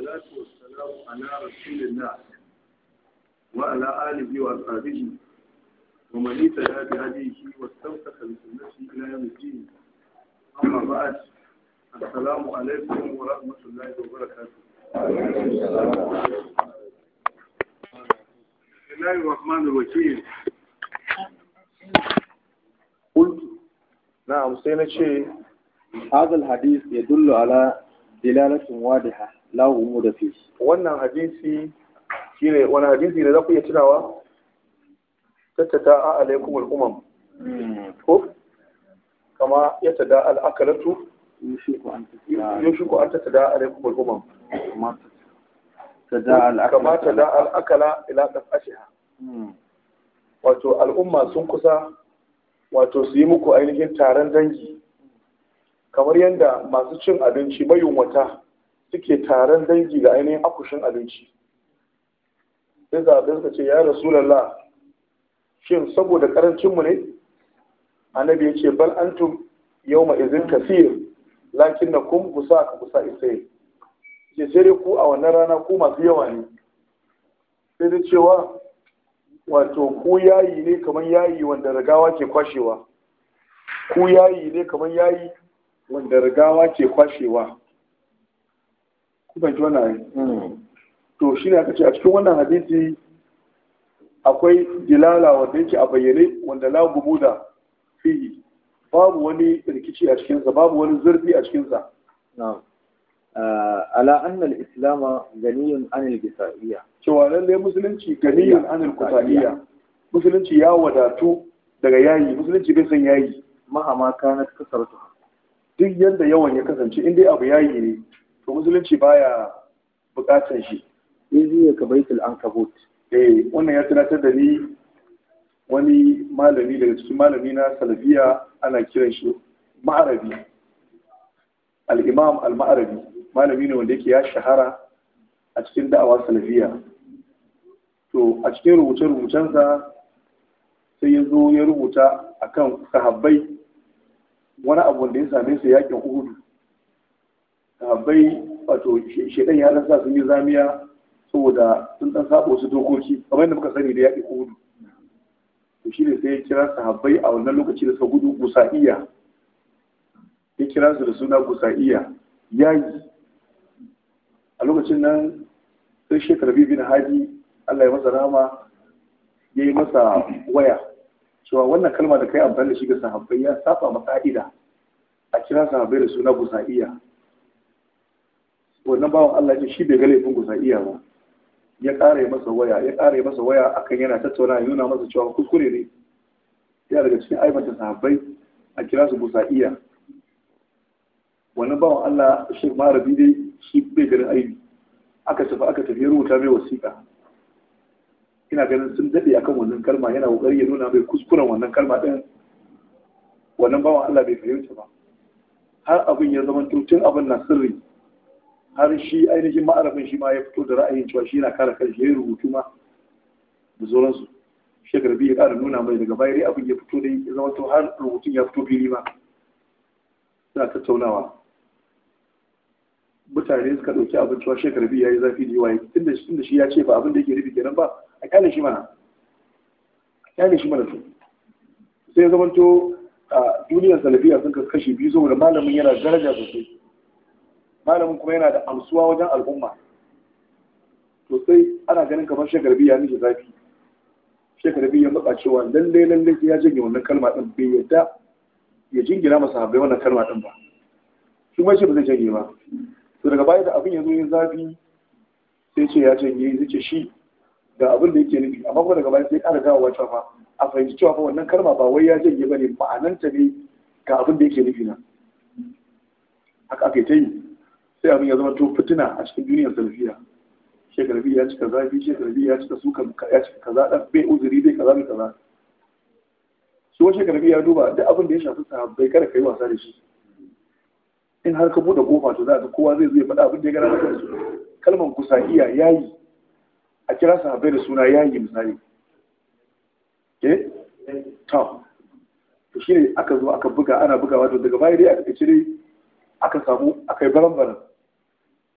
والصلاة والسلام على رسول الله وعلى آله وأصحابه ومن اهتدى بهديه واستمسك بسنته إلى يوم الدين أما بعد السلام عليكم ورحمة الله وبركاته بسم الله الرحمن الرحيم قلت نعم سينا هذا الحديث يدل على دلالة واضحة la da fi wannan hadisi shine wani hadisi ne za ku iya tunawa tattata a alaikum al'umam ko kama ya tada al'akalatu yushiku an tattada alaikum al'umam kama tada al'akala ila ɗafashiha hmm. wato al'umma sun kusa wato su yi muku ainihin taron dangi kamar yadda masu cin abinci mayunwata suke taron dangi da ainihin akushin abinci sai zaɓe suka ce ya rasulallah shin saboda ƙarancinmu ne annabi ya ce bal antum yau ma izin kasir lakin na kun gusa ka busa isai ce sai dai ku a wannan rana ku masu yawa ne sai dai cewa wato ku yayi ne kamar yayi wanda ragawa ke kwashewa ku yayi ne kamar yayi wanda ragawa ke kwashewa ban wannan ayi hmm. to shi ne aka ce a cikin wannan hadisi akwai dilala wanda yake a bayyane wanda la gumuda fihi babu wani rikici a cikinsa babu wani zurfi a cikinsa uh, ala anna al-islam ganiyun an al-qisaiya cewa lalle musulunci ganiyun an al-qisaiya musulunci ya wadatu daga yayi musulunci bai san yayi mahama kanat ta. duk yanda yawan ya kasance in dai abu yayi ne to musulunci baya bukatar shi izi ya ka an ankabut eh wannan ya tunatar da ni wani malami daga cikin malami na salafiya ana kiran shi ma'arabi al-imam al-ma'arabi malami ne wanda yake ya shahara a cikin da'awa salafiya to a cikin rubuce-rubucensa sai ya zo ya rubuta akan sahabbai wani abu da ya same su yakin uhudu sahabbai wato shedan ya lansa sun yi zamiya saboda sun dan sabo su dokoki kamar yadda muka sani da yaƙi kudu to shi ne sai ya kira sahabbai a wannan lokaci da suka gudu gusa'iya ya kira su da suna gusa'iya yayi a lokacin nan sai shekara biyu bin haji Allah ya masa rama ya yi masa waya cewa wannan kalma da kai amfani da shi ga sahabbai ya saba masa a kira sahabbai da suna gusa'iya wannan bawan Allah ya shi bai ga laifin gusa iya ba ya ƙara masa waya ya ƙara masa waya akan yana tattauna ya nuna masa cewa kuskure ne ya daga cikin aibata sahabbai a kira su gusa iya wannan bawan Allah shi marabi dai shi bai ganin aibi aka tafi aka tafi rubuta mai wasiƙa ina ganin sun daɗe akan wannan kalma yana kokari ya nuna mai kuskuren wannan kalma ɗin wannan bawan Allah bai fahimta ba har abin ya zama tutun abin na sirri har shi ainihin ma'arafin shi ma ya fito da ra'ayin cewa shi na kare kanshi ya yi rubutu ma da sauransu Shekaru biyu ya kara nuna mai daga baya dai abin ya fito dai ya zama to har rubutun ya fito fili ma suna tattaunawa mutane suka ɗauki abin cewa shekar biyu ya yi zafi da yawa inda shi ya ce ba abin da yake nufi kenan ba a kyale shi mana a kyale shi mana to sai ya zama to a duniyar salafiya sun kashe biyu saboda malamin yana daraja sosai malamin kuma yana da amsuwa wajen al'umma to sai ana ganin kamar shagarbi ya mishi zafi shagarbi ya matsa cewa lalle lalle ya janye wannan kalma din bai yadda ya jingina masa habbai wannan kalma din ba shi ma ce ba zai janye ba to daga baya da abin ya zo yin zafi sai ce ya janye zai ce shi da abin da yake nufi amma kuma daga baya sai ƙara dawowa wata fa a fahimci cewa fa wannan kalma ba wai ya janye ba ne ma'ananta ne ga abin da yake nufi na haka aka yi ta yi sai abin ya zama to fitina a cikin duniyar salafiya shekar ya cika zafi shekar ya cika suka ya cika kaza dan bai uzuri bai kaza bai kaza shi wa shekar ya duba duk abin da ya shafi bai kada ka yi wasa da shi in har ka buɗe kofa to za ka kowa zai zai faɗa abin da ya gara da su kalmar kusa iya yayi a kira bai da suna yayi misali Ke? Eh? Ta. to shi ne, aka zo aka buga ana bugawa to daga baya dai aka cire aka samu aka yi baran baran